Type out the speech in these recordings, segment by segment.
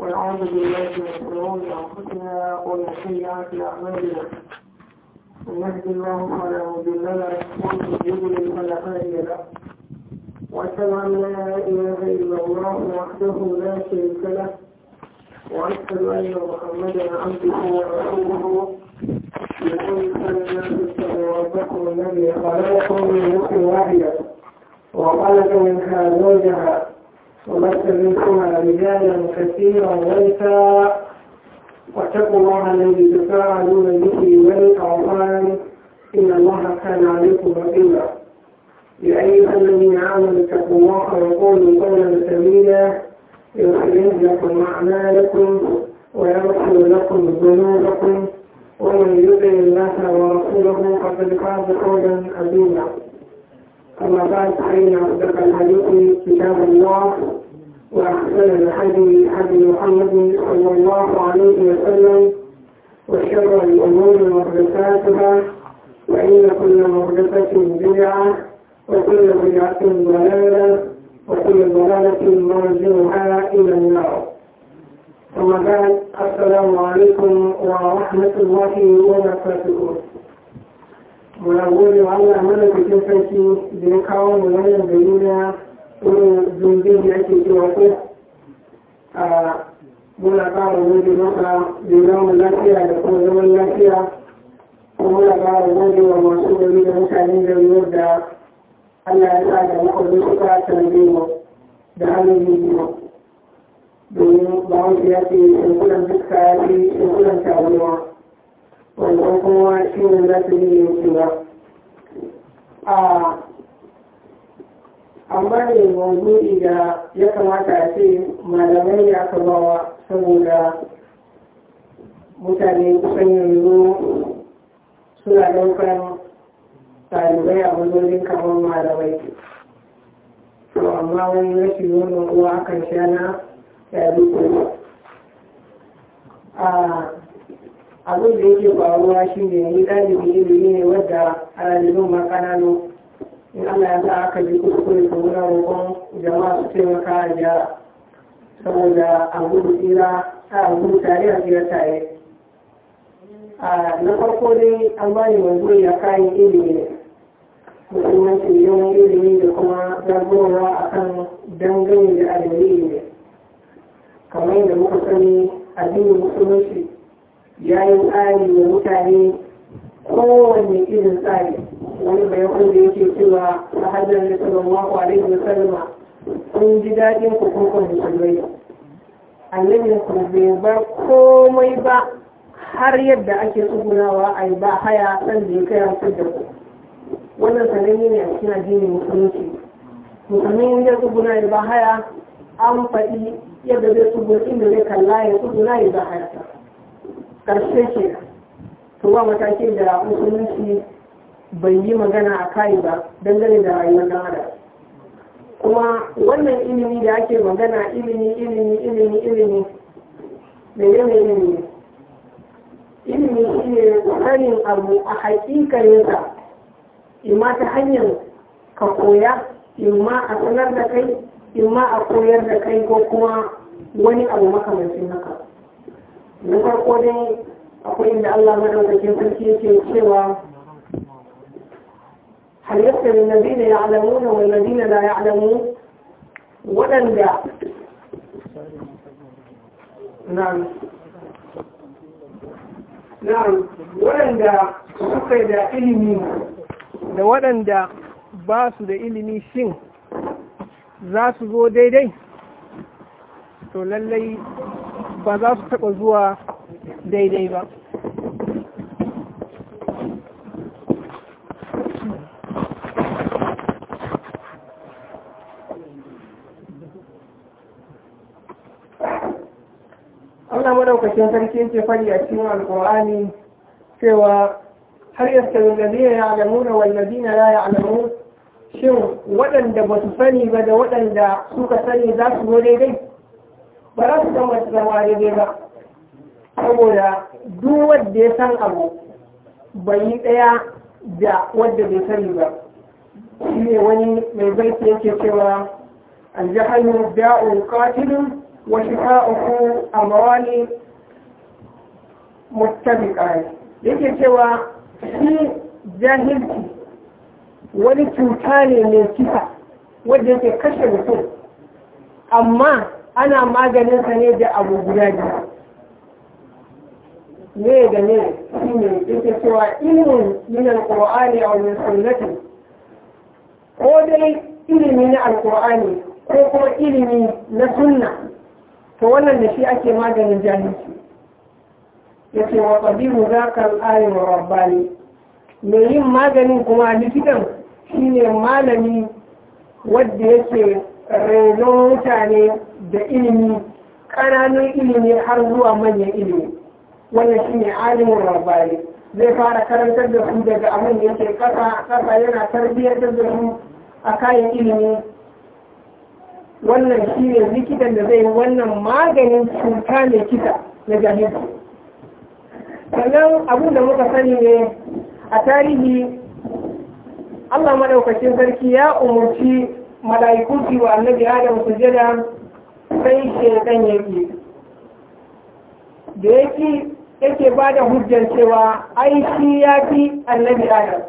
ونعوذ بالله من شرور انفسنا ومن سيئات اعمالنا من يهد الله فلا مضل له ومن يضلل فلا هادي له واشهد ان لا اله الا الله وحده لا شريك له واشهد ان محمدا عبده ورسوله يقول فلا تستطيعوا ربكم الذي خلقكم من نفس واحده وخلق منها زوجها وبث منكما رجالا كثيرا ونساء واتقوا الله الذي تساءلون به والاعوان ان الله كان عليكم رقيبا يا ايها الذين امنوا اتقوا الله وقولوا قولا سميلا يصلح لكم اعمالكم ويغفر لكم ذنوبكم ومن يطع الله ورسوله فقد فاز قولا عظيما أما بعد فإن أصدق الحديث كتاب الله وأحسن الحديث حديث محمد صلى الله عليه وسلم وشر الأمور محدثاتها وإن كل محدثة بدعة وكل بدعة ضلالة وكل ضلالة مرجعها إلى النار أما بعد السلام عليكم ورحمة الله وبركاته muna gode wa Allah mana bikin sarki da ya kawo mu wannan gari na irin zumbin da ake cewa ko a muna ƙara gode maka da ya mu lafiya da kuma zaman lafiya kuma muna ƙara gode wa masu gari da mutane da gari da Allah ya sa da muka makwabin suka tambaye mu da hannun biyu domin ba wanda ya ce shekulan fuska ya ce shekulan tabuwa wannan kuma shi ne za su yi yanki ba amma ne mawuzi da ya kamata a ce malamai ya kamawa saboda mutane kusan yanzu suna ɗaukar ɗalibai a wajen kamar malamai to amma wani rashin nonon uwa kan sha na ya rufe abin da yake faruwa shi ne ni ɗalibin ilimi ne wadda ɗalibin makananu in Allah ya sa aka ji kuskure to wuna roƙon jama'a su taimaka a gyara saboda a gudu tsira a gudu tare a tsira tare na farko dai an ni wanzu ya kayi ilimi ne musulmanci yawan ilimi da kuma zagowa a kan dangane da adalili ne kamar yadda muka sani addinin musulunci ya yi tsari da mutane kowanne irin tsari wani bayan wanda yake cewa a hajjar da sallallahu alaihi wa sallama sun ji daɗin kukurkun musulmai annabi da kuma bai bar komai ba har yadda ake tsugunawa a yi ba haya san da ya kai hankali da ku wannan sananne ne a cikin addinin musulunci musulmi ya tsuguna ya ba haya an faɗi yadda zai tsuguna inda zai kalla ya tsuguna ya ba haya ƙarshe ke to ba mataki da musulunci bai yi magana a kai ba dangane da rayuwar dan adam kuma wannan ilimi da ake magana ilimi ilimi ilimi ilimi da ne ilimi ilimi shi ne sanin abu a haƙiƙarinsa imma ta hanyar ka koya imma a sanar da kai imma a koyar da kai ko kuma wani abu makamancin haka na farko dai akwai inda Allah madaukakin sarki yake cewa hal yastawi alladhina ya'lamuna wal ladina la ya'lamun wadanda na'am na'am wadanda suka da ilimi da waɗanda ba su da ilimi shin za su zo daidai to lallai ba za su taɓa zuwa daidai ba Allah madaukakin sarkin ce fari a cikin alkur'ani cewa har yasta wallazina na wallazina la alamu shin waɗanda ba su sani ba da waɗanda suka sani za su zo daidai ba za su san wasu zama daidai ba saboda duk wanda ya san abu bai yi ɗaya da wanda bai sani ba shi ne wani mai baiti yake cewa aljahalu da'un qatilun wa shifa'uhu amrani muttabiqan yake cewa shi jahilci wani cuta ne mai kisa wanda yake kashe mutum amma ana maganin sa ne da abu guda biyu ne da ne shine yake ita cewa ilimin min alqur'ani aw min sunnati ko dai ilimi na alqur'ani ko kuma ilimi na sunna to wannan da shi ake maganin jahilci yace wa tabiru zaka al-alim rabbani me yin maganin kuma likitan shine malami wadda yake rainon mutane da ilimi ƙananun ilimi har zuwa manyan ilimi wannan shi ne alimin rabari zai fara karantar da su daga abin da yake ƙasa yana tarbiyyar da su a kayan ilimi wannan shi ne likitan da zai wannan maganin cuta mai kisa na jahilci sannan abin da muka sani ne a tarihi Allah maɗaukacin sarki ya umarci mala'ikunci wa annabi Adam su jada sai shekan ya yi da yake yake ba da hujjar cewa ai shi ya fi annabi adam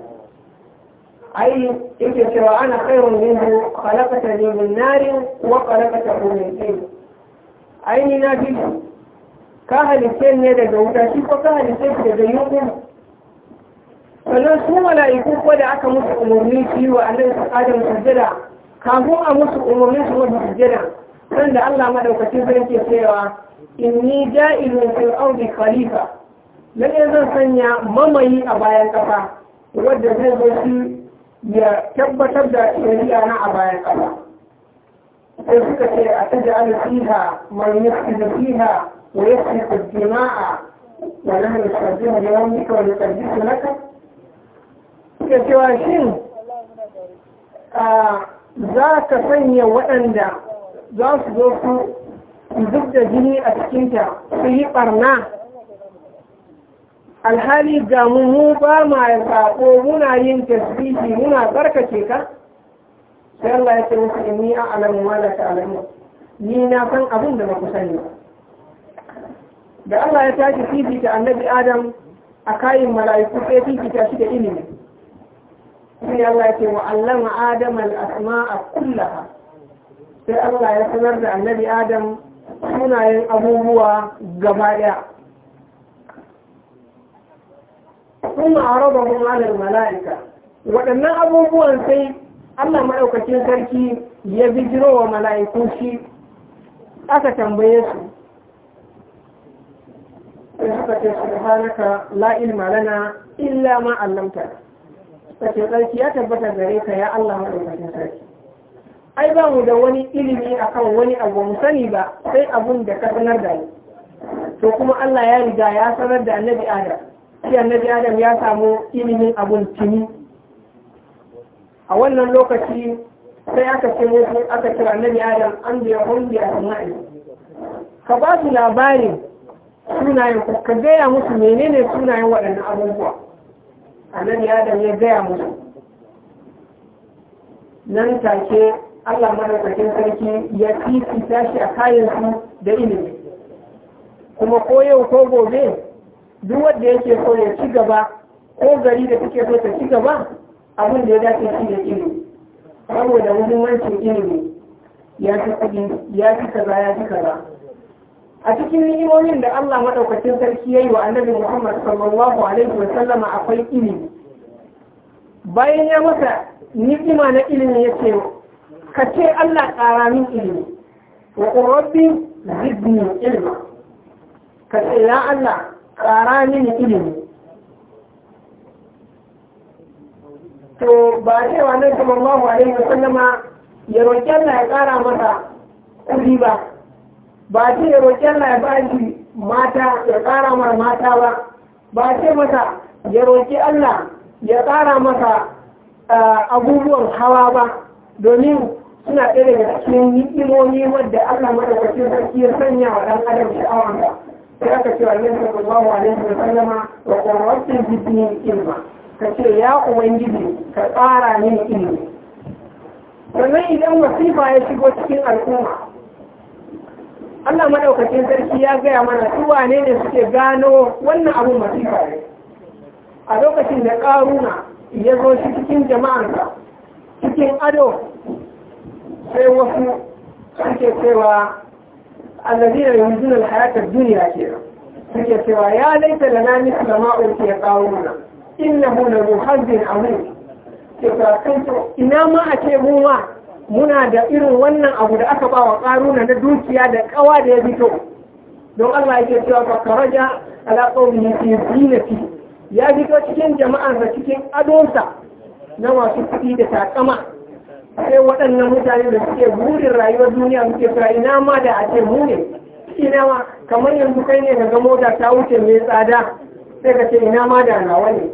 ai yake cewa ana kairun minhu khalaqata ni min narin wa khalaqatahu min tin ai ni na fi ka halitta ne daga wuta shi ko ka halitta shi daga yunwa sannan su mala'iku ko da aka musu umarni su yi wa annabi adam sujjada kafin a musu umarni su musu sujjada kan da Allah madaukakin sarki cewa in ni ja'ilun fil ardi khalifa lalle zan sanya mamayi a bayan kafa wadda zai zo shi ya tabbatar da shari'a na a bayan kafa sai suka ce a taj'al alfiha man yafsidu fiha wa yasfiku dima'a wa lam yusabbihu bi rabbika wa yuqaddisu laka suka cewa shin za ka sanya waɗanda za su zo su zub da jini a cikinta su yi ɓarna alhali ga mu ba ma ya saƙo muna yin tasbihi muna tsarkake ka sai Allah ya ce musu inni a alamu ma da alamu ni na san abin da ba sani da Allah ya tashi fifita annabi Adam a kayin mala'iku sai fifita shi da ilimi sai Allah ya ce wa allama Adam al-asma'a kullaha sai Allah ya sanar da annabi Adam sunayen abubuwa gaba ɗaya. Kuma a raba mu'alar mala'ika, waɗannan abubuwan sai Allah maɗaukacin sarki ya bijiro wa mala'iku shi aka tambaye su. Sai suka ce, Subhanaka la ilma lana illa ma allamta. tsarki ya tabbata gare ka ya Allah maɗaukacin sarki. ai ba mu da wani ilimi akan wani abu mu sani ba sai abun da ka sanar da ni to kuma Allah ya riga ya sanar da annabi Adam shi annabi Adam ya samu ilimin abun tuni a wannan lokaci sai aka ce musu aka kira annabi Adam an da ya hundi a sama'i ka ba su labarin sunayen ku ka gaya musu menene sunayen waɗannan abubuwa annabi Adam ya gaya musu nan take Allah madaukakin sarki ya fifita shi a kayan su da ilimi kuma ko yau ko gobe duk wanda yake so ya ci gaba ko gari da suke so ta ci gaba abin da ya dace shi da ilimi saboda muhimmancin ilimi ya fi kudi ya fi kaza ya fi kaza a cikin ni'imomin da Allah madaukakin sarki yayi wa Annabi Muhammad sallallahu alaihi wa sallama akwai ilimi bayan ya masa ni'ima na ilimi ya ce ka ce Allah ƙara min ilimi wa rabbi zidni ilma ka ce ya Allah ƙara min ilimi to ba cewa nan sallallahu alaihi wa sallama ya roƙi Allah ya ƙara masa kuɗi ba ba ce ya roƙi Allah ya ba shi mata ya ƙara mara mata ba ba ce masa ya roƙi Allah ya ƙara masa eh, abubuwan hawa ba domin suna ɗaya daga cikin ni'imomi wadda Allah madaukakin sarki ya sanya wa ɗan adam sha'awanka sai aka ce kuma sallallahu alaihi wa sallama wa qurratu jibni ilma ce ya ubangiji ka tsara mini ilmi sannan idan masifa ya shigo cikin al'umma Allah madaukakin sarki ya gaya mana su wane ne suke gano wannan abun masifa ne a lokacin da ƙaruna ya zo shi cikin jama'ansa cikin ado sai wasu suke cewa yi yunzuna alhayata duniya ke. suke cewa ya laita lana misla ma ulqiya qawluna mu na muhazzin azim ke cewa ina ma a ce mu ma muna da irin wannan abu da aka ba wa karuna na dukiya da kawa da ya fito don Allah ke cewa fa karaja alaƙaunin ya fi ya fito cikin jama'ar da cikin adonsa na masu kuɗi da takama sai waɗannan mutane da suke burin rayuwar duniya muke fara ina ma da a ce mu ina ma kamar yanzu kai ne daga mota ta wuce mai tsada sai ka ce ina ma da nawa ne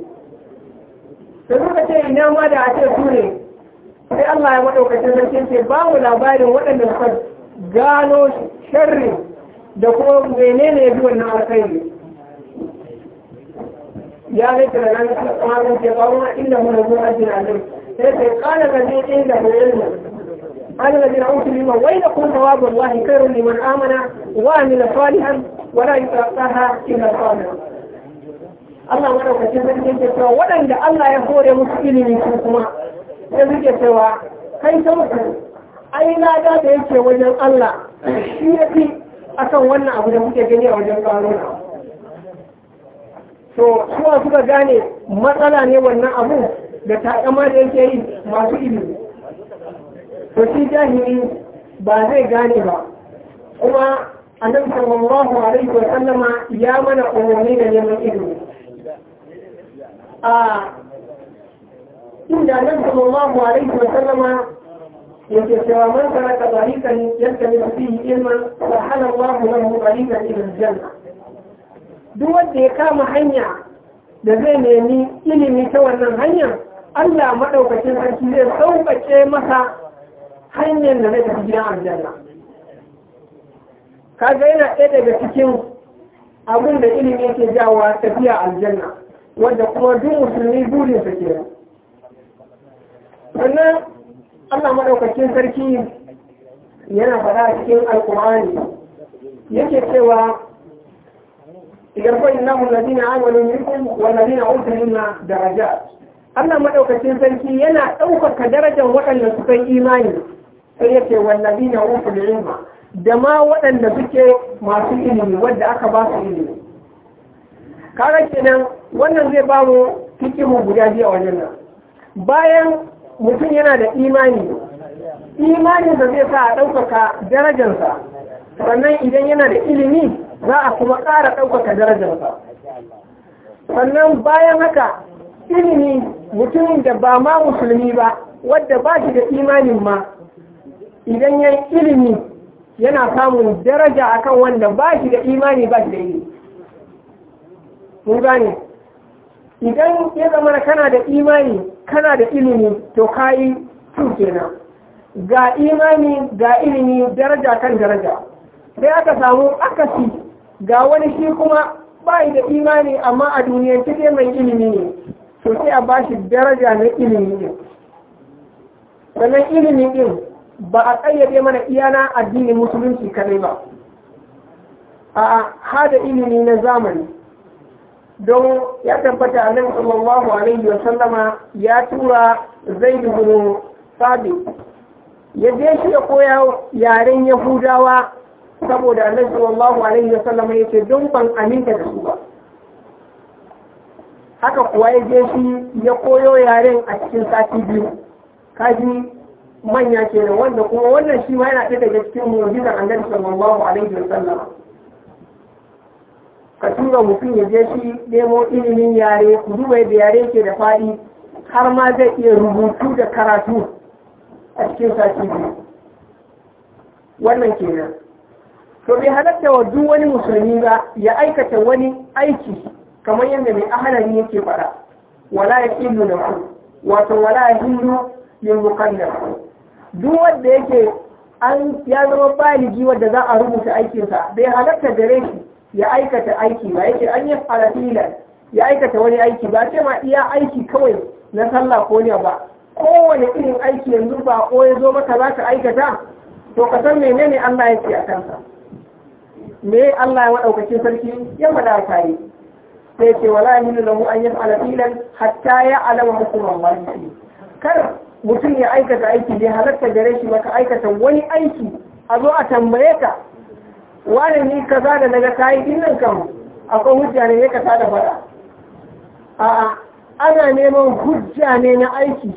da suka ce ina ma da a ce su ne sai Allah ya maɗaukacin sarki ce ba mu labarin waɗanda suka gano sharri da kuma menene ya bi wannan alkhairi ya laifin ranar kamar ce ba wani inda mu na zuwa jiragen. sai kala da zai ɗin da mai قال الذين اوتوا العلم ويلكم ثواب الله خير لمن امن وعمل صالحا ولا يتلقاها الا الصابر Allah madaukakin sarki yake cewa waɗanda Allah ya hore musu ilimi ko kuma sai suke cewa kai ta mutu ai lada da yake wajen Allah shi ya fi akan wannan abu da muke gani a wajen ƙaruna to suwa suka gane matsala ne wannan abu da takama da yake yi masu ilimi to shi jahili ba zai gane ba kuma a annabi sallallahu alaihi wa sallama ya mana umarni da neman ilimi a inda annabi sallallahu alaihi wa sallama yake cewa man saraka tariqan yastamiru fihi ilman sahala Allahu lahu tariqan ila al-janna duk wanda ya kama hanya da zai nemi ilimi ta wannan hanyar Allah maɗaukacin sarki zai sauƙaƙe masa hanyar da zai tafi gidan aljanna kaga yana ɗaya daga cikin abin da ilimi yake jawa tafiya aljanna wanda kuma duk musulmi burinsa ke sannan Allah maɗaukacin sarki yana faɗa cikin alƙur'ani yake cewa إذا fa innahu alladhina amanu minkum wal ladina utul Allah maɗaukacin sarki yana ɗaukaka darajar waɗanda suka yi imani sai ya ce wallabi na da ilma da ma waɗanda suke masu ilimi wadda aka ba su ilimi kaga kenan wannan zai ba mu hikimu guda biyu a wajen nan bayan mutum yana da imani imani da zai sa a ɗaukaka darajarsa sannan idan yana da ilimi za a kuma ƙara ɗaukaka darajarsa sannan bayan haka ilimi mutumin da ba ma musulmi ba wadda ba shi da imanin ma idan ya ilimi yana samun daraja akan wanda ba shi da imani ba shi da ilimi mun gane idan ya zama kana da imani kana da ilimi to kayi su kenan ga imani ga ilimi daraja kan daraja sai aka samu akasi ga wani shi kuma bai da imani amma a duniyar cike mai ilimi ne to sai a ba shi daraja na ilimi ne sannan ilimi din ba a ƙayyade mana iyana addinin musulunci kadai ba a hada ilimi na zamani don ya tabbata a nan sallallahu alaihi wa sallama ya tura zai bin sabi ya je shi ya koya yaren yahudawa saboda annabi sallallahu alaihi wa sallama ya ce don ban aminta da su ba haka kuwa ya je shi ya koyo yaren a cikin sati biyu kaji manya ke da wanda kuma wannan shi ma yana ɗaya daga cikin mu'jizar annabi sallallahu alaihi wasallam ka tura mutum ya je shi nemo ilimin yare ku duba yadda yare ke da faɗi har ma zai iya rubutu da karatu a cikin sati biyu wannan kenan to bai halatta wa duk wani musulmi ba ya aikata wani aiki kamar yadda mai ahalari yake faɗa wala ya ilu na ku wato wala ya hillu yin mukannar duk wanda yake an ya zama baligi wanda za a rubuta aikinsa bai halatta gare shi ya aikata aiki ba yake an yi falafilan ya aikata wani aiki ba ce ma iya aiki kawai na sallah ko ne ba kowane irin aiki yanzu ba ko ya zo maka za ka aikata to ka san menene Allah ya ce a kansa me Allah ya madaukakin sarki ya mada kai sai ce wala yahillu lahu an yaf'ala filan hatta ya'lama hukumallahi fi kar mutum ya aikata aiki bai halatta gare shi maka aikata wani aiki a zo a tambaye ka wani ni ka da daga kayi dinnan kan akwai hujja ne ya kasa da fada a'a ana neman hujja ne na aiki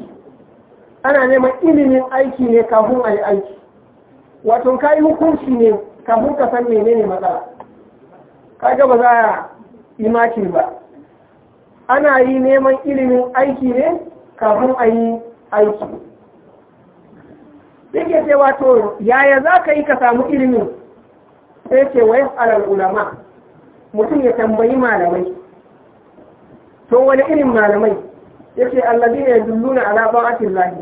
ana neman ilimin aiki ne kafin a yi aiki wato kayi hukunci ne kafin ka san menene matsala kaga ba za ima ba ana yi neman ilimin aiki ne kafin a yi aiki yake ce wato yaya za ka yi ka samu ilimin sai ce wa alal ulama mutum ya tambayi malamai to wani irin malamai ya ce allazi ne dulluna ala ba'atin lahi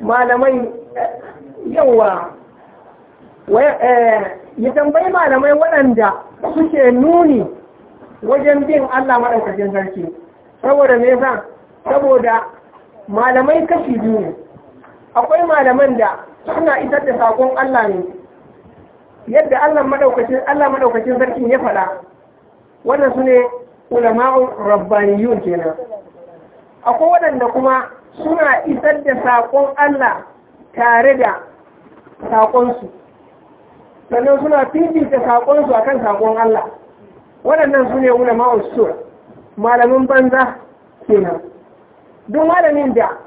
malamai eh, yawa eh, ya tambayi malamai waɗanda suke nuni wajen bin Allah maɗaukacin sarki saboda me yasa saboda malamai kashi biyu ne akwai malaman da suna isar da saƙon Allah ne yadda Allah maɗaukacin Allah maɗaukacin sarki ya faɗa wannan su ne ulama'un rabbaniyun kenan akwai waɗanda kuma suna isar da saƙon Allah tare da saƙonsu sannan suna fifita saƙonsu akan saƙon Allah waɗannan su ne ulama su malamin banza kenan Don malamin da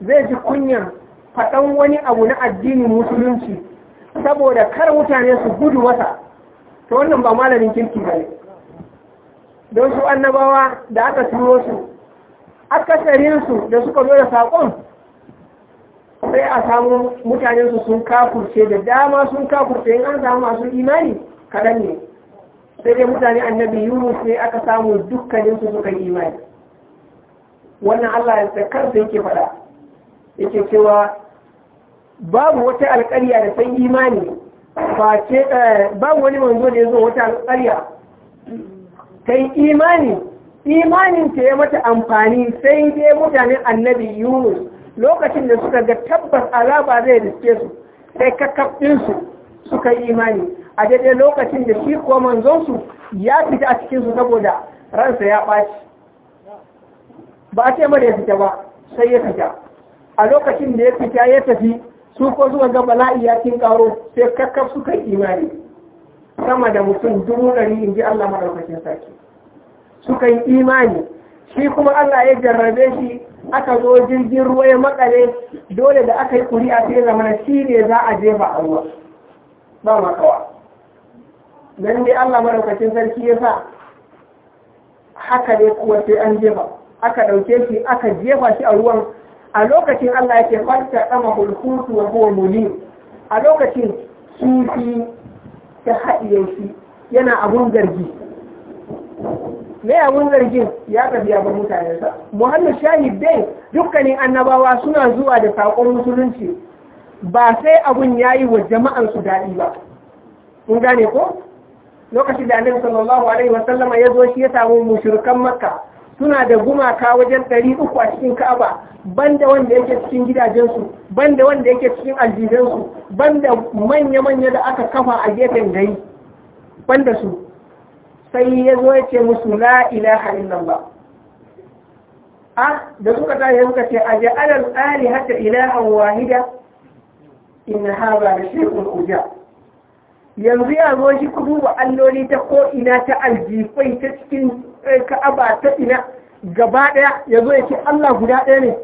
zai ji kunya faɗan wani abu na addinin musulunci saboda kar mutane su gudu wata ta wannan ba malamin kirki ba ne don su annabawa da aka turo su akasarinsu da suka zo da saƙon sai a samu mutanensu sun kafurce da dama sun kafurce in an samu masu imani kaɗan ne sai dai mutane annabi yunus ne aka samu su suka yi imani wannan allah ya kansa yake faɗa yake cewa babu wata alƙarya da san imani ba ce eh, babu wani manzo da ya zo wata alƙarya ta yi imani imanin ta ya mata amfani sai dai mutanen annabi yunus lokacin da suka ga tabbas alaba zai riske su sai kakkaɓinsu suka yi imani a daidai lokacin da shi kuwa manzonsu ya fita a cikinsu saboda ransa ya ɓaci ba a ce mara ya fita ba sai ya fita a lokacin da ya fita ya tafi su ko zuwa ga bala'i ya kin karo sai kakkaf suka yi imani sama da mutum dubu ɗari in ji Allah maɗaukacin sarki suka yi imani shi kuma Allah ya jarrabe shi aka zo jirgin ruwa ya makale dole da aka yi kuri'a sai zamana shi ne za a jefa a ruwa ba makawa dan dai Allah maraukacin sarki ya sa haka ne kuwa sai an jefa aka ɗauke shi aka jefa shi a ruwan a lokacin Allah ya ce farta dama hulkutu wa huwa mulim a lokacin kifi ta haɗiye shi yana abun gargi me abun zargin ya tafi ya bar mutanensa muhammad shahid dai dukkanin annabawa suna zuwa da saƙon musulunci ba sai abun yayi wa su daɗi ba kun gane ko lokacin da annabi sallallahu alaihi wasallama ya zo shi ya samu mushrikan makka suna da gumaka wajen ɗari uku a cikin ka'aba banda wanda yake cikin gidajensu banda wanda yake cikin aljihunsu banda manya-manya da aka kafa a gefen gari banda su sai ya zo ya ce musu la ilaha illallah a da suka tashi suka ce a ja'alal ali hatta ilahan wahida inna hadha la shay'un yanzu ya zo shi kudu ba alloli ta ko'ina ta aljifai ta cikin eh, ka'aba ta ina gaba ɗaya ya zo ya Allah guda ɗaya ne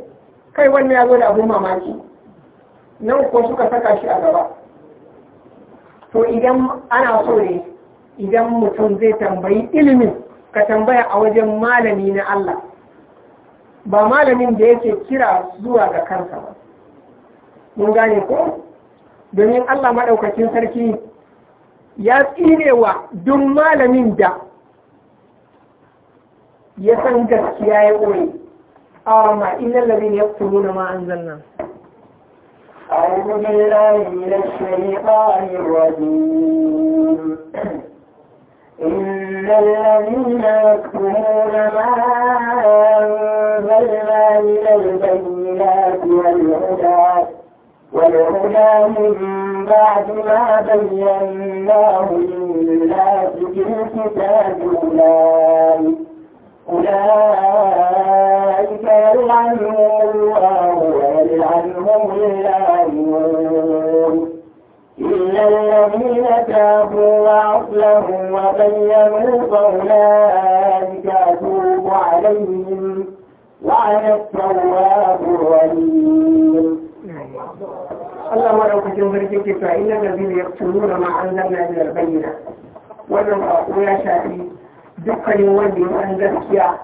kai wannan ya zo da abin mamaki nan ko suka saka shi a gaba to idan ana so ne idan mutum zai tambayi ilimin ka tambaya a wajen malami na Allah ba malamin da yake kira zuwa ga kansa ba mun gane ko domin Allah maɗaukacin sarki ya tsinewa duk malamin da ya san gaskiya ya koyi a ma inna ne ya kuru na ma'an nan إن الذين يكفرون ما أنزلنا من البينات والهدى والهدى من بعد ما بيناه للناس في الكتاب أولئك أولئك يلعنهم الله ويلعنهم اللاعنون إلا الذين تابوا وأصلحوا وبينوا فأولئك أتوب عليهم وعلى التواب الرحيم Allah ma maɗaukakin barci ke cewa inna da biyu ya tunura ma an zanna da bayyana wannan ba ko ya shafi dukkanin wanda ya an gaskiya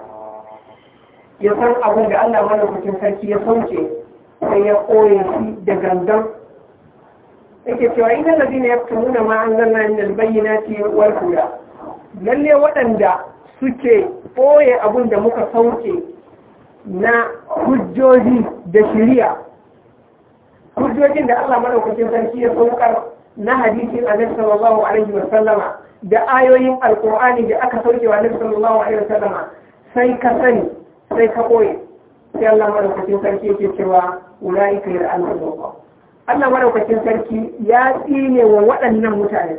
ya san abin da Allah ma maɗaukakin sarki ya sauke sai ya koye shi da gangan yake cewa inna da biyu ya tunura ma an zanna da bayyana ce wal kura lalle waɗanda suke koye abin da muka sauke na hujjoji da shiriya kujojin da Allah madaukakin sarki ya saukar na hadisin annabi sallallahu alaihi wa sallama da ayoyin alqur'ani da aka sauke wa annabi sallallahu alaihi wa sallama sai ka sani sai ka koyi sai Allah madaukakin sarki yake cewa ulaika da Allah madaukakin sarki ya tsine wa waɗannan mutane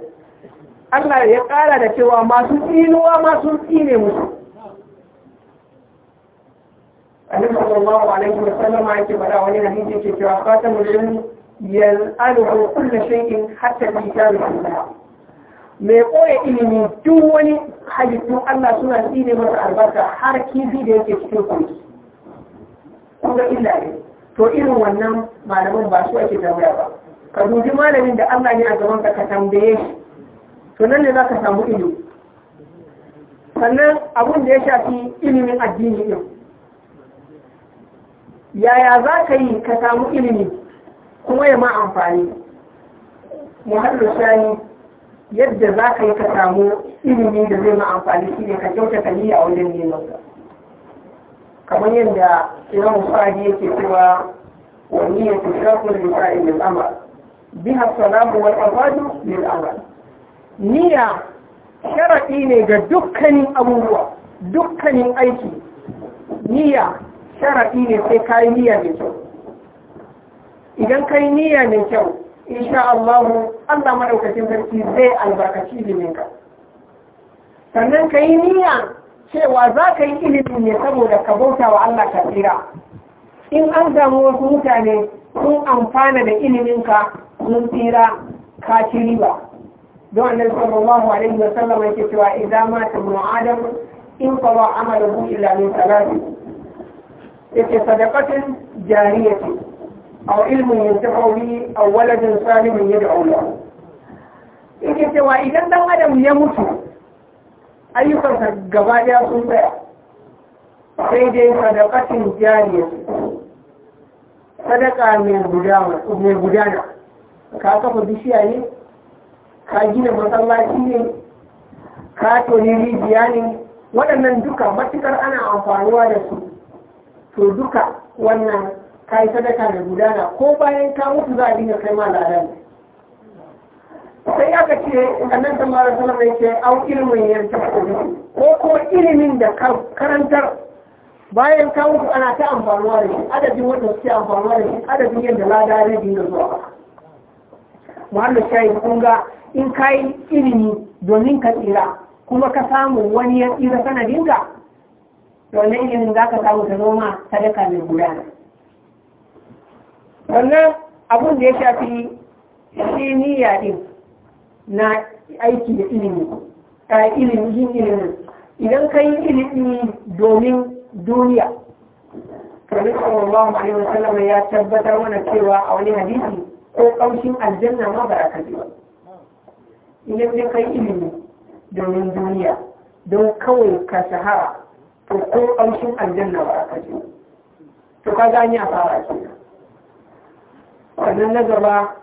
Allah ya ƙara da cewa masu tsinuwa ma sun tsine musu annabi sallallahu alaihi wa sallam yake faɗa wani hadisi yake cewa khatamul ilmi yal'aluhu kullu shay'in hatta al-kitabu Me koya ilimi duk wani halittu Allah suna tsine masa albarka har kifi da yake cikin kogi kuma illa ne to irin wannan malamin ba su ake tambaya ba ka dubi malamin da Allah ne a gaban ka tambaye shi to nan ne za ka samu ilimi sannan abun da ya shafi ilimin addini din yaya za ka yi ka samu ilimi kuma ya ma amfani muhallu shani yadda za ka yi ka samu ilimi da zai ma amfani shi ne ka kyauta ka a wajen neman kamar yadda ina sa'adi yake cewa wa niyyatu shakul bi sa'il al-amal biha salamu wal afadu lil amal niyya sharaɗi ne ga dukkanin abubuwa dukkanin aiki niyya sharaɗi ne sai ka yi niyya mai kyau idan ka yi niyya mai kyau insha Allah Allah maɗaukacin sarki zai albarkaci iliminka sannan ka yi niyya cewa za ka yi ilimi ne saboda ka bauta wa Allah ka tsira in an samu wasu mutane sun amfana da iliminka sun tsira ka ci riba don annabi sallallahu alaihi wa sallam yake cewa idan ma tamu adam in qala amaluhu illa min salati yake sadaqatin jariyati aw ilmin yantafa bihi aw waladin salihin yad'u lahu yake cewa idan dan adam ya mutu ayyukansa gaba daya sun tsaya sai dai sadaqatin jariyati sadaka mai gudana ka kafa bishiya ne ka gina masallaci ne ka toni rijiya ne waɗannan duka matukar ana amfanuwa da su to duka wannan ka yi sadaka da gudana ko bayan ka mutu za a dinga kai ma ladan sai aka ce annan ta mara sanar da ce au ilimin yanke ko ko ilimin da karantar bayan ka mutu ana ta amfanuwa da shi adadin wanda suke amfanuwa da shi adadin yadda lada ne dinga zuwa muhammad shayi kun ga in ka yi ilimi domin ka tsira kuma ka samu wani ya tsira sanadin dinga? wannan yin za ka samu ta noma sadaka mai gudana wannan abun da ya shafi shi niyya din na aiki da ilimi a ilimi yin ilimin idan ka yi ilimi domin duniya Rabbi sallallahu alaihi ya tabbatar mana cewa a wani hadisi ko kaushin aljanna ma ka idan ka yi ilimi domin duniya don kawai ka shahara to ko ƙanshin aljanna ba ka ji to ka ni a fara kenan wannan na gaba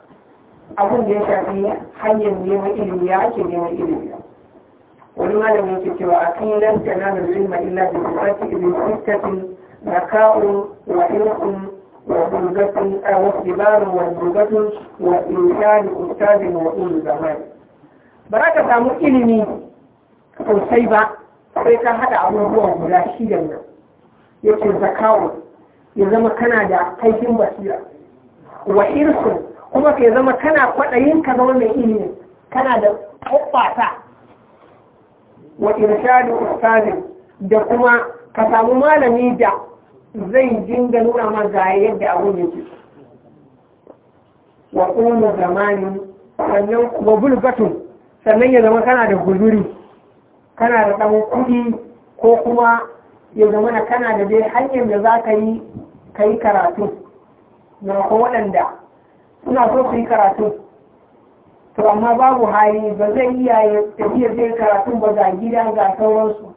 abin da ya shafi hanyar neman ilimi ya ake neman ilimi wani malami yake cewa a kan lan tanalu ilma illa bi sifati bi sittatin zaka'un wa ilmun wa bulgatun wa sibarun wa bulgatun wa insani ustadin wa ulu zaman ba za ka samu ilimi sosai ba sai ka haɗa abubuwan guda shidan nan ya ce zakawo ya zama kana da kaifin basira wa irsu kuma ka zama kana kwaɗayin ka zama mai ilimi kana da hoɓɓata wa irshadu ustazin da kuma ka samu malami da zai dinga nuna ma ga yadda abun yake wa kuma zamanin sannan kuma bulgatun sannan ya zama kana da guduri kana da ɗan kuɗi ko kuma ya zama kana da dai hanyar da za ka yi ka yi karatu na ko waɗanda suna so su yi karatu to amma babu hali ba zai iya ya zai karatu ba ga gida ga sauransu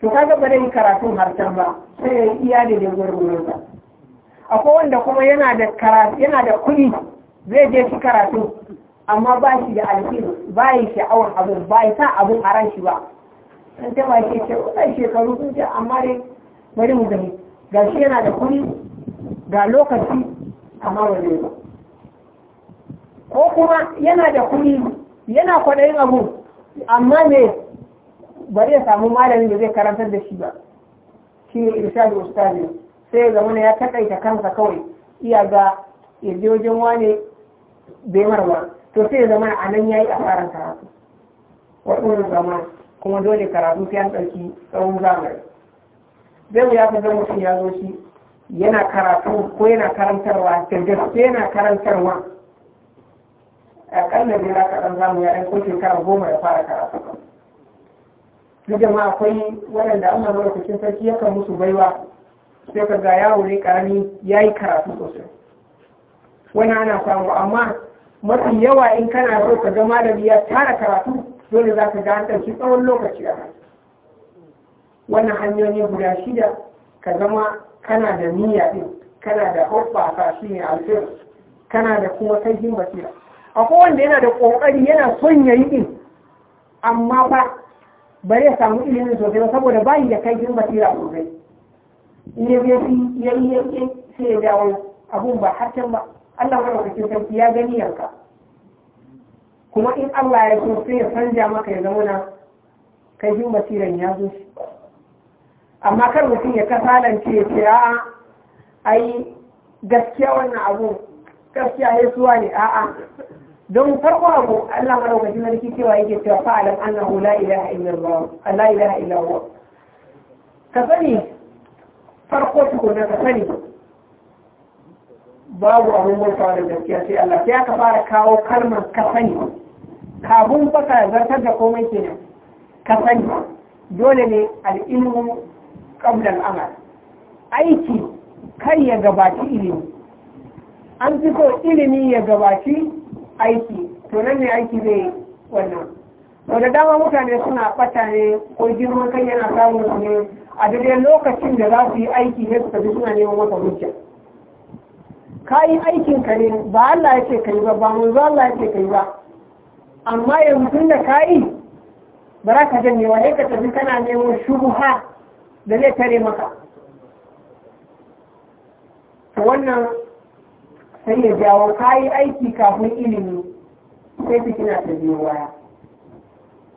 to kaga ba zai yi karatun harshen ba sai ya iya da dai gwargwaron ba akwai wanda kuma yana da kuɗi zai je shi karatu amma ba shi da alfil ba yi sha'awar abin ba yi sa abin a ran shi ba sun ta mace ce wannan shekaru sun ce amma dai bari mu gani ga shi yana da kuni ga lokaci amma ba zai ba ko kuma yana da kuni yana kwaɗayin abu amma me ba zai samu malami da zai karantar da shi ba shi ne irshadu ustazi sai ya zama ya taƙaita kansa kawai iya ga ya wajen wane bai ba. to sai zama a nan ya yi asarar karatu waɗannan zama kuma dole karatu sai an ɗauki tsawon zamani zai ya fi zama mutum ya zo shi yana karatu ko yana karantarwa da gaske yana karantarwa a ƙalla da ya kaɗan zamu ya ko shekara goma ya fara karatu na jama'a akwai waɗanda Allah maɗaukacin sarki yakan musu baiwa sai ka ga yawo ne ƙarami ya yi karatu sosai wani ana samu amma mafi yawa in kana so ka zama da biya tara karatu dole za ka ga an ɗauki tsawon lokaci a wannan hanyoyi guda shida ka zama kana da niyya ɗin kana da a shi ne alfir kana da kuma kaifin basira akwai wanda yana da ƙoƙari yana son ya yi ɗin amma ba ba ya samu ilimin sosai ba saboda bayi da kaifin basira sosai in ya yi sai ya dawo ba har can ba Allah maɗaukakin sarki ya gani yanka kuma in Allah ya so sai ya sanja maka ya zama na kai jin basiran ya zo shi amma kar mutum ya kasalance ya ce a'a ai gaskiya wannan abu gaskiya ya suwa ne a'a don farko abu Allah maɗaukakin sarki cewa yake cewa alam annahu la ilaha illallah la ilaha illallah ka sani farko tukuna ka sani babu abin bauta da gaskiya sai Allah sai aka fara kawo karmar ka sani kafin baka zartar da komai kenan ka sani dole ne al'ilmu qabla al'amal aiki kai ya gabaci ilimi an fi so ilimi ya gabaci aiki to nan ne aiki zai wannan to dama mutane suna bata ne ko girman kai yana samun ne a daidai lokacin da za su yi aiki ne su tafi suna neman wata hujja kayi aikin ka ne ba Allah ya kai ka ba ba manzo Allah ya kai ba amma yanzu tun da ka yi ba za ka janye wa ka tafi kana neman shubuha da zai tare maka to wannan sai ya jawo ka yi aiki kafin ilimi sai kina ta biyo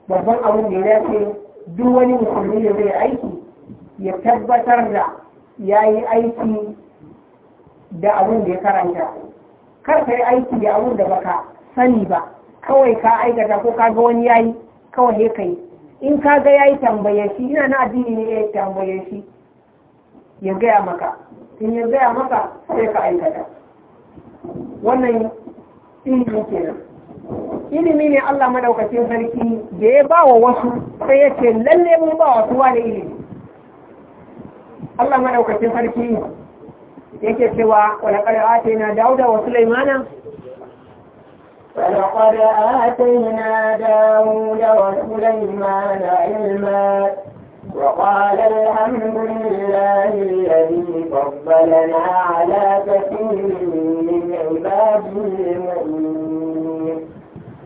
babban abin da ya ce duk wani musulmi da zai aiki ya tabbatar da ya yi aiki da abin da ya karanta kar ka yi aiki da abin da baka sani ba kawai ka aikata ko ka ga wani yayi kawai ya kai in ka ga yayi tambaye shi ina na addini ne ya eh, tambaye shi ya gaya maka in ya gaya maka sai ka aikata wannan ilimi kenan ilimi ne Allah madaukakin sarki da ya ba wa wasu sai ya ce lalle mun ba wasu da ilimi Allah madaukakin sarki yake cewa walakar atina dauda wa sulaimana ولقد آتينا داود وسليمان علما وقال الحمد لله الذي فضلنا على كثير من عباده المؤمنين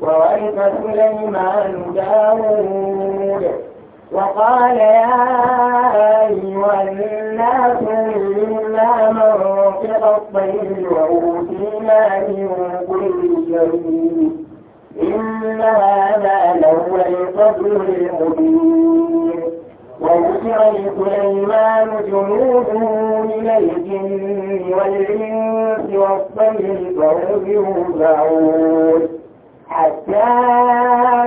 وورث سليمان داود وقال يا أيها الناس إنا منطق الطير وأوتينا من كل شيء إن هذا لهو الفضل المبين ووسع لسليمان جنوده من الجن والإنس والطير فهم يوزعون حتى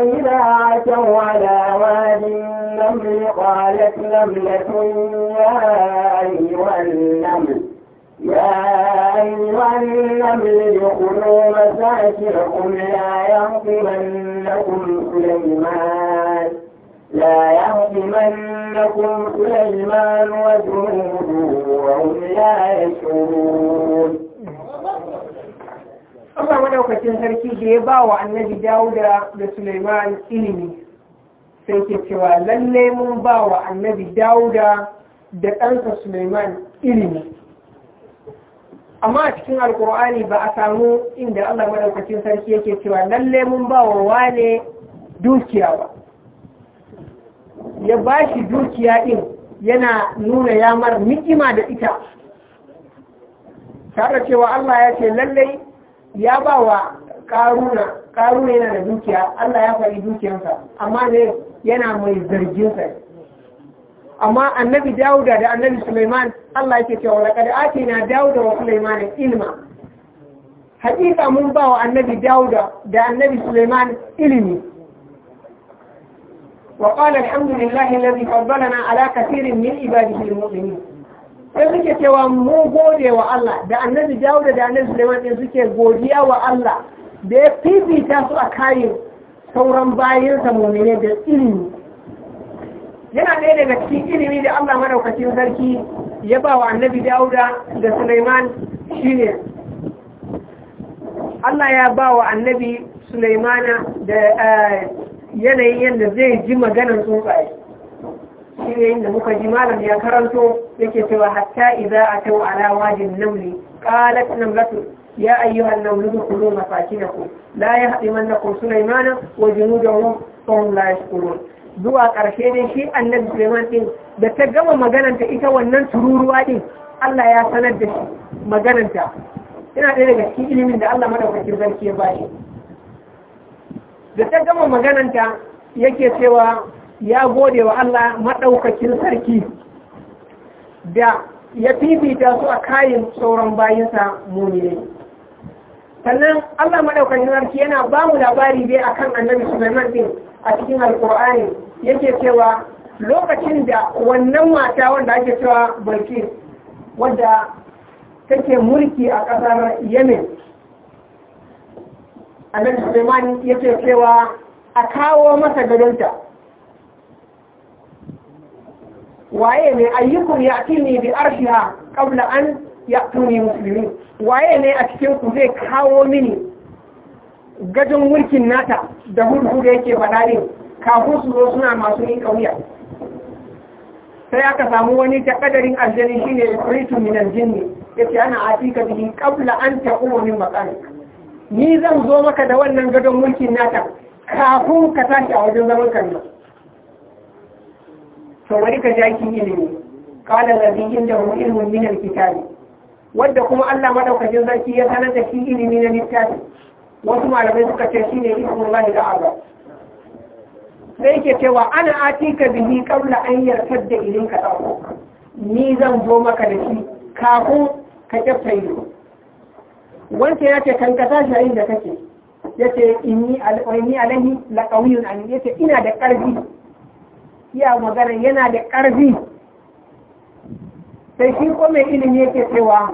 إذا عتوا على واد النمل قالت نملة يا أيها النمل يا أيها النمل ادخلوا مساكنكم لا يهضمنكم سليمان لا يهضمنكم سليمان وجنوده وهم لا يشعرون Allah madaukakin sarki da ya ba wa annabi Dawuda da Suleiman ilimi sai ke cewa lalle mun ba wa annabi Dawuda da ɗansa Suleiman ilimi. Amma a cikin Alƙur'ani ba a samu inda Allah madaukakin sarki yake cewa lalle mun ba wa wane dukiya ba. Ya ba shi dukiya ɗin yana nuna yamar ni'ima da ita. Tare cewa Allah ya ce lallai ya ba wa karuna karuna yana da dukiya Allah ya faɗi dukiyarsa amma ne yana mai zarginsa amma annabi dauda da annabi suleiman Allah yake cewa laqad atina dauda wa suleiman ilma hakika mun ba wa annabi dauda da annabi suleiman ilimi wa qala alhamdulillahi alladhi faddalana ala kathirin min ibadihi almu'minin sai suke cewa mu gode wa Allah da annabi Dawuda, da annabi Sulaiman din suke godiya wa Allah da ya fifita su a kayan sauran bayansa mu'mine da ilimi yana ɗaya daga cikin ilimi da Allah madaukakin sarki ya ba wa annabi Dawuda da Sulaiman shine Allah ya ba wa annabi Sulaimana da eh, yanayin yadda zai ji maganar tsuntsaye ayoyin da muka ji malam ya karanto yake cewa hatta idza atau ala wajin namli qalat namlatu ya ayyuhan namlu dkhulu masakinakum la yahdimannakum sulaymana wa junuduhum fa hum la yashkurun zuwa karshe ne shi annabi Sulaiman din da ta gama magananta ita wannan tururuwa din Allah ya sanar da shi magananta ina ɗaya daga cikin ilimin da Allah madaukakin sarki ya bashi da ta gama ta yake cewa ya gode wa Allah maɗaukakin sarki da ya fifita su a kayan sauran bayansa ne. sannan Allah maɗaukakin sarki yana ba mu labari dai akan annabi suleiman ɗin a cikin alkur'ani yake cewa lokacin da wannan mata wanda ake cewa Balkis wadda take mulki a ƙasar Yemen annabi Sulaiman yake cewa a kawo masa gadonta waye ne ayyukum ya'tini bi arshiha qabla an ya'tuni muslimin waye ne a cikin ku zai kawo mini gajin mulkin nata da hudu da yake faɗa ne kafin su zo suna masu yin kauya sai aka samu wani kadarin aljani shine ifritu min aljinni yace ana atika bihi qabla an taqumu min maqamik ni zan zo maka da wannan gadon mulkin nata kafin ka tashi a wajen zaman kanka saurari ka jaki ilimi kala nabi da mu ilmun min alkitabi wanda kuma Allah madaukakin zaki ya sanar da shi ilimi na littafi wasu malamai suka ce shine ismullahi da'aba sai ke cewa ana atika bihi qabla an yartadda ilayka dawo ni zan zo maka da shi kafin ka kyafta ido wanda ya ce kan kasa shi inda kake ce inni alaihi laqawiyun an yace ina da karfi iya magana yana da ƙarfi sai shi ko mai ilimi yake cewa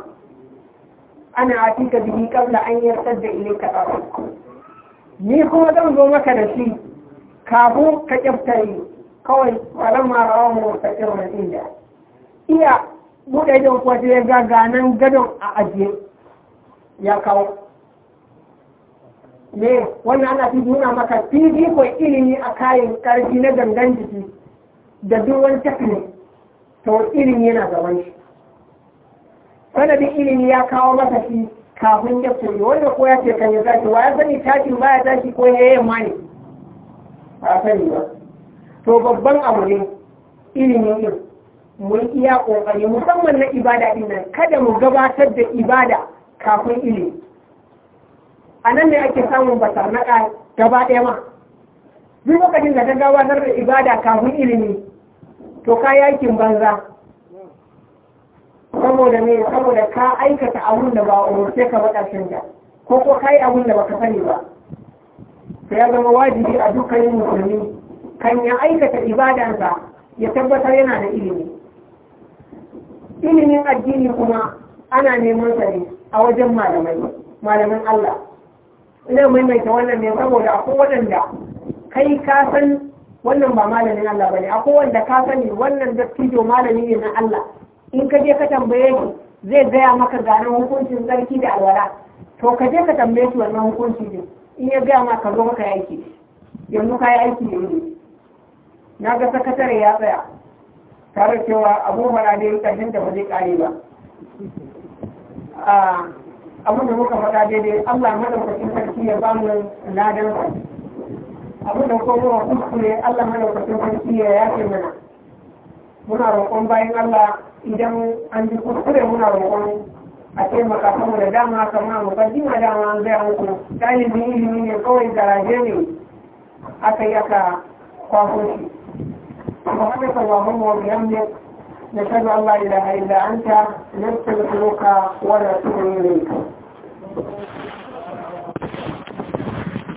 ana atika biyi kabla an yartar da ka ɗafi ni kuma zan zo maka da shi kafin ka ƙyaftare kawai falon marawa mu ta irin inda iya buɗe da kuwa ya ga nan gadon a ajiye ya kawo ne wannan ana fi nuna maka fifikon ilimi a kayan ƙarfi na gangan jiki da duk wani technique to ilimi yana gaban shi sanadin ilimi ya kawo masa shi kafin ya koyi wanda ko ya ce kan ya tashi wa ya sani tashin ba ya tashi ko ya yi mani ne ba sani ba to babban abu ne ilimi yi mu yi iya kokari musamman na ibada din nan kada mu gabatar da ibada kafin ilimi a nan ne ake samun basar na gaba ɗaya ma duk lokacin da ta gabatar da ibada kafin ilimi to ka yakin banza saboda me saboda ka aikata abun da ba umurce ka ba ƙarshen ta ko ko kai abun da baka sani ba to ya zama wajibi a dukkanin musulmi kan ya aikata ibadansa ya tabbatar yana da ilimi ilimin addini kuma ana neman sa ne a wajen malamai malaman Allah ina maimaita wannan ne saboda akwai waɗanda kai ka san wannan ba malamin Allah bane akwai wanda ka sani wannan dattijo malami ne na Allah in ka je ka tambaye shi zai gaya maka ganin hukuncin tsarki da alwala to ka je ka tambaye shi wannan hukuncin, din in ya gaya maka zo maka aiki yanzu ka yi aiki ne. na ga sakatare ya tsaya tare cewa abubuwan ne kashin da ba zai ba ah, abin da muka faɗa daidai Allah madaukakin sarki ya bamu ladan abin da kuma muna kuskure Allah mana kusurin sarki ya yake mana muna roƙon bayan Allah idan an ji kuskure muna roƙon a taimaka kuma da dama kamar da dama an zai hanku ɗalibin ilimi ne kawai garaje ne aka yi aka kwafo shi kuma haka sababbin wani ne na shaɗu Allah ilaha illa anta nan ta mutunuka wadda su ne ne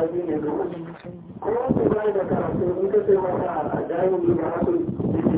मदीने को कौन से जाएगा उनके सेवा का जाएंगे वहाँ कोई